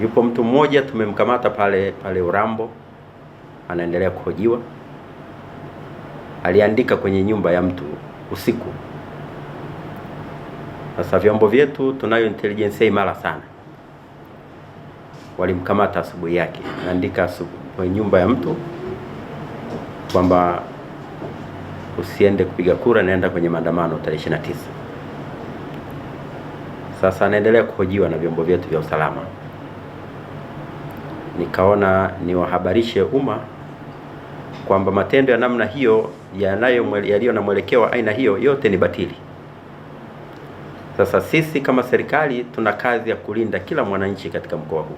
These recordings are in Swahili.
Yupo mtu mmoja tumemkamata pale pale Urambo, anaendelea kuhojiwa. Aliandika kwenye nyumba ya mtu usiku. Sasa vyombo vyetu, tunayo intelligence imara sana, walimkamata asubuhi yake, anaandika asubuhi kwenye nyumba ya mtu kwamba usiende kupiga kura, naenda kwenye maandamano tarehe 29. Sasa anaendelea kuhojiwa na vyombo vyetu vya usalama nikaona niwahabarishe umma kwamba matendo ya namna hiyo yanayo yaliyo na mwelekeo wa aina hiyo yote ni batili. Sasa sisi kama serikali tuna kazi ya kulinda kila mwananchi katika mkoa huu.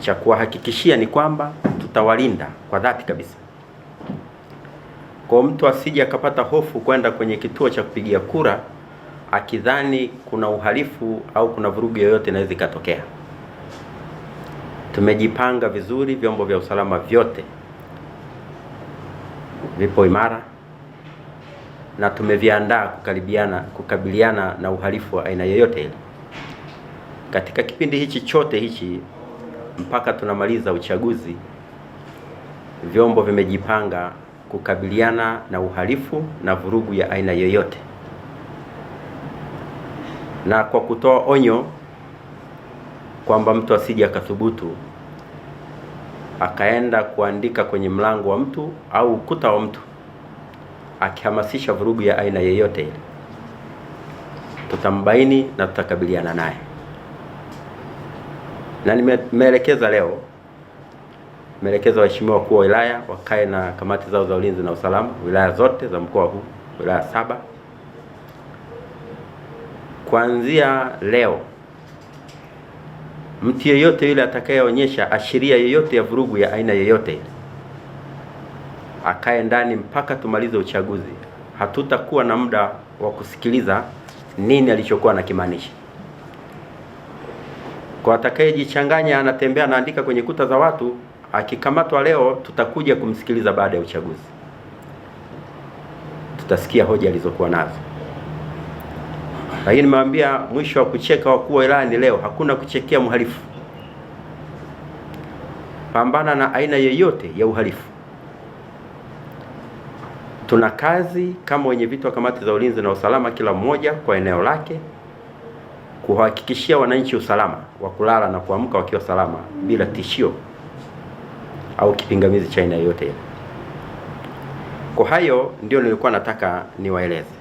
Cha kuwahakikishia ni kwamba tutawalinda kwa dhati kabisa, kwa mtu asije akapata hofu kwenda kwenye kituo cha kupigia kura akidhani kuna uhalifu au kuna vurugu yoyote inaweza ikatokea. Tumejipanga vizuri, vyombo vya usalama vyote vipo imara na tumeviandaa kukaribiana kukabiliana na uhalifu wa aina yoyote ile. Katika kipindi hichi chote hichi mpaka tunamaliza uchaguzi, vyombo vimejipanga kukabiliana na uhalifu na vurugu ya aina yoyote, na kwa kutoa onyo kwamba mtu asije akathubutu akaenda kuandika kwenye mlango wa mtu au ukuta wa mtu akihamasisha vurugu ya aina yeyote ile, tutambaini na tutakabiliana naye. Na nimeelekeza leo, nimeelekeza waheshimiwa wakuu wa wilaya wakae na kamati zao za ulinzi na usalama wilaya zote za mkoa huu, wilaya saba, kuanzia leo mtu yeyote yule atakayeonyesha ashiria yeyote ya vurugu ya aina yeyote akae ndani mpaka tumalize uchaguzi. Hatutakuwa na muda wa kusikiliza nini alichokuwa anakimaanisha. Kwa atakayejichanganya anatembea anaandika kwenye kuta za watu, akikamatwa leo, tutakuja kumsikiliza baada ya uchaguzi, tutasikia hoja alizokuwa nazo. Lakini nimewambia mwisho wa kucheka wakuu wa wilaya ni leo, hakuna kuchekea mhalifu. Pambana na aina yoyote ya uhalifu. Tuna kazi kama wenye vitu wa kamati za ulinzi na usalama, kila mmoja kwa eneo lake, kuhakikishia wananchi usalama wa kulala na kuamka wakiwa salama bila tishio au kipingamizi cha aina yoyote Kwa hayo ndio nilikuwa nataka niwaeleze.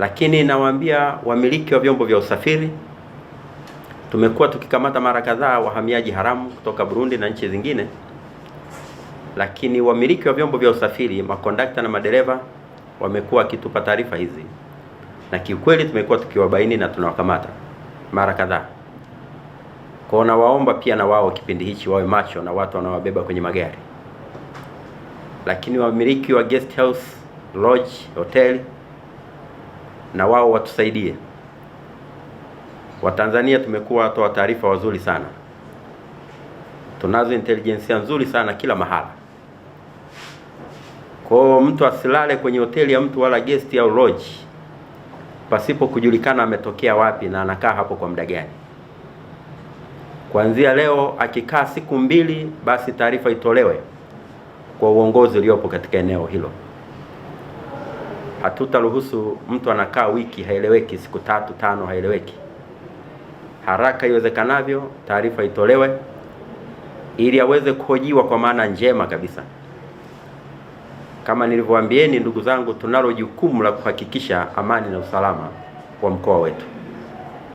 Lakini nawaambia wamiliki wa vyombo vya usafiri, tumekuwa tukikamata mara kadhaa wahamiaji haramu kutoka Burundi na nchi zingine, lakini wamiliki wa vyombo vya usafiri, makondakta na madereva wamekuwa wakitupa taarifa hizi, na kiukweli tumekuwa tukiwabaini na tunawakamata mara kadhaa. Kwa nawaomba pia na wao kipindi hichi wawe macho na watu wanaowabeba kwenye magari. Lakini wamiliki wa guest house, lodge, hoteli na wao watusaidie. Watanzania tumekuwa watoa taarifa wazuri sana, tunazo intelijensia nzuri sana kila mahala. Kwa mtu asilale kwenye hoteli ya mtu wala guest au lodge pasipo kujulikana ametokea wapi na anakaa hapo kwa muda gani. Kuanzia leo akikaa siku mbili, basi taarifa itolewe kwa uongozi uliopo katika eneo hilo. Hatutaruhusu mtu anakaa wiki haeleweki, siku tatu tano haeleweki. Haraka iwezekanavyo taarifa itolewe ili aweze kuhojiwa kwa maana njema kabisa. Kama nilivyowaambieni ndugu zangu, tunalo jukumu la kuhakikisha amani na usalama wa mkoa wetu.